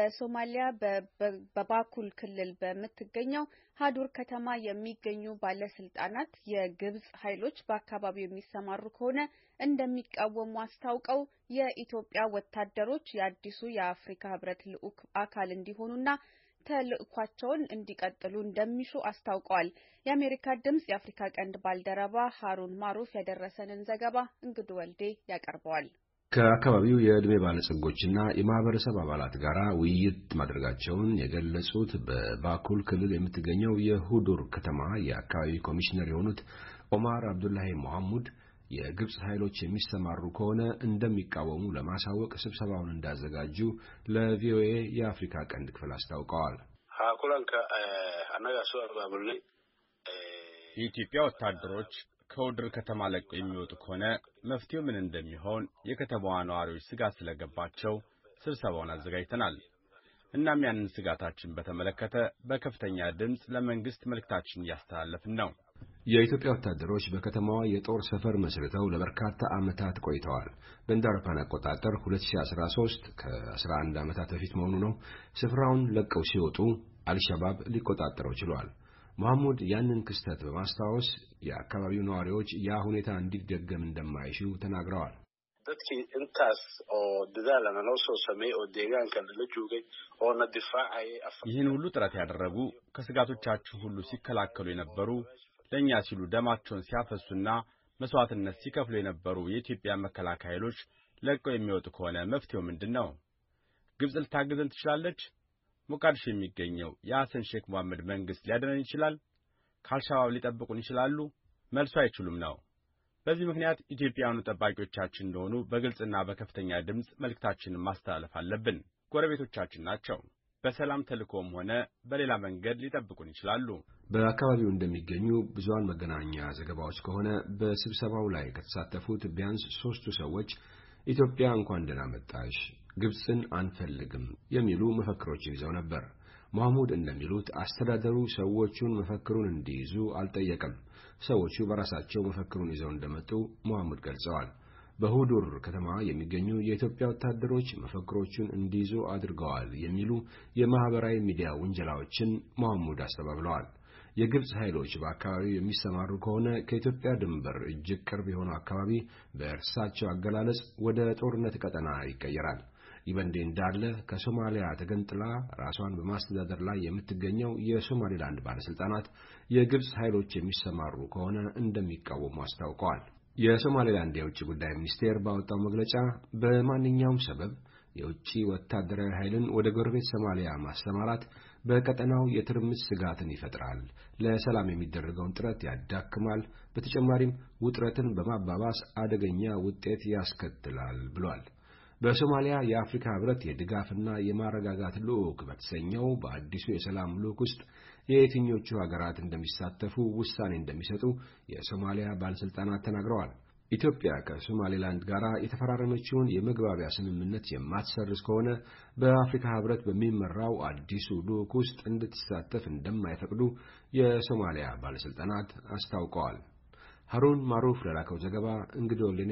በሶማሊያ በባኩል ክልል በምትገኘው ሀዱር ከተማ የሚገኙ ባለስልጣናት የግብጽ ኃይሎች በአካባቢው የሚሰማሩ ከሆነ እንደሚቃወሙ አስታውቀው የኢትዮጵያ ወታደሮች የአዲሱ የአፍሪካ ህብረት ልዑክ አካል እንዲሆኑና ተልእኳቸውን እንዲቀጥሉ እንደሚሹ አስታውቀዋል። የአሜሪካ ድምጽ የአፍሪካ ቀንድ ባልደረባ ሀሩን ማሩፍ ያደረሰንን ዘገባ እንግዱ ወልዴ ያቀርበዋል። ከአካባቢው የዕድሜ ባለጸጎችና የማህበረሰብ አባላት ጋር ውይይት ማድረጋቸውን የገለጹት በባኩል ክልል የምትገኘው የሁዱር ከተማ የአካባቢ ኮሚሽነር የሆኑት ኦማር አብዱላሂ ሞሐሙድ የግብፅ ኃይሎች የሚሰማሩ ከሆነ እንደሚቃወሙ ለማሳወቅ ስብሰባውን እንዳዘጋጁ ለቪኦኤ የአፍሪካ ቀንድ ክፍል አስታውቀዋል። የኢትዮጵያ ወታደሮች ከውድር ከተማ ለቀው የሚወጡ ከሆነ መፍትሄው ምን እንደሚሆን የከተማዋ ነዋሪዎች ስጋት ስለገባቸው ስብሰባውን አዘጋጅተናል። እናም ያንን ስጋታችን በተመለከተ በከፍተኛ ድምፅ ለመንግስት መልእክታችን እያስተላለፍን ነው። የኢትዮጵያ ወታደሮች በከተማዋ የጦር ሰፈር መስርተው ለበርካታ ዓመታት ቆይተዋል። በእንደ አውሮፓን አቆጣጠር 2013 ከ11 ዓመታት በፊት መሆኑ ነው። ስፍራውን ለቀው ሲወጡ አልሸባብ ሊቆጣጠረው ችሏል። መሐሙድ ያንን ክስተት በማስታወስ የአካባቢው ነዋሪዎች ያ ሁኔታ እንዲደገም እንደማይሽው ተናግረዋል። ይህን ሁሉ ጥረት ያደረጉ ከስጋቶቻችሁ ሁሉ ሲከላከሉ የነበሩ ለእኛ ሲሉ ደማቸውን ሲያፈሱና መስዋዕትነት ሲከፍሉ የነበሩ የኢትዮጵያ መከላከያ ኃይሎች ለቀው የሚወጡ ከሆነ መፍትሄው ምንድን ነው? ግብፅ ልታግዘን ትችላለች። ሞቃዲሾ የሚገኘው የሐሰን ሼክ መሐመድ መንግሥት ሊያድነን ይችላል? ከአልሻባብ ሊጠብቁን ይችላሉ? መልሱ አይችሉም ነው። በዚህ ምክንያት ኢትዮጵያውያኑ ጠባቂዎቻችን እንደሆኑ በግልጽና በከፍተኛ ድምፅ መልእክታችንን ማስተላለፍ አለብን። ጎረቤቶቻችን ናቸው። በሰላም ተልእኮም ሆነ በሌላ መንገድ ሊጠብቁን ይችላሉ። በአካባቢው እንደሚገኙ ብዙኃን መገናኛ ዘገባዎች ከሆነ በስብሰባው ላይ ከተሳተፉት ቢያንስ ሦስቱ ሰዎች ኢትዮጵያ እንኳን ደህና መጣሽ ግብፅን አንፈልግም የሚሉ መፈክሮችን ይዘው ነበር። ማህሙድ እንደሚሉት አስተዳደሩ ሰዎቹን መፈክሩን እንዲይዙ አልጠየቀም። ሰዎቹ በራሳቸው መፈክሩን ይዘው እንደመጡ መሐሙድ ገልጸዋል። በሁዱር ከተማ የሚገኙ የኢትዮጵያ ወታደሮች መፈክሮቹን እንዲይዙ አድርገዋል የሚሉ የማኅበራዊ ሚዲያ ውንጀላዎችን መሐሙድ አስተባብለዋል። የግብፅ ኃይሎች በአካባቢው የሚሰማሩ ከሆነ ከኢትዮጵያ ድንበር እጅግ ቅርብ የሆነው አካባቢ በእርሳቸው አገላለጽ ወደ ጦርነት ቀጠና ይቀየራል። ይህ በእንዲህ እንዳለ ከሶማሊያ ተገንጥላ ራሷን በማስተዳደር ላይ የምትገኘው የሶማሊላንድ ባለሥልጣናት የግብፅ ኃይሎች የሚሰማሩ ከሆነ እንደሚቃወሙ አስታውቀዋል። የሶማሌላንድ የውጭ ጉዳይ ሚኒስቴር ባወጣው መግለጫ በማንኛውም ሰበብ የውጭ ወታደራዊ ኃይልን ወደ ጎረቤት ሶማሊያ ማሰማራት በቀጠናው የትርምስ ስጋትን ይፈጥራል፣ ለሰላም የሚደረገውን ጥረት ያዳክማል፣ በተጨማሪም ውጥረትን በማባባስ አደገኛ ውጤት ያስከትላል ብሏል። በሶማሊያ የአፍሪካ ህብረት የድጋፍና የማረጋጋት ልዑክ በተሰኘው በአዲሱ የሰላም ልዑክ ውስጥ የየትኞቹ ሀገራት እንደሚሳተፉ ውሳኔ እንደሚሰጡ የሶማሊያ ባለሥልጣናት ተናግረዋል። ኢትዮጵያ ከሶማሌላንድ ጋር የተፈራረመችውን የመግባቢያ ስምምነት የማትሰርዝ ከሆነ በአፍሪካ ህብረት በሚመራው አዲሱ ልዑክ ውስጥ እንድትሳተፍ እንደማይፈቅዱ የሶማሊያ ባለሥልጣናት አስታውቀዋል። ሀሩን ማሩፍ ለላከው ዘገባ እንግዶ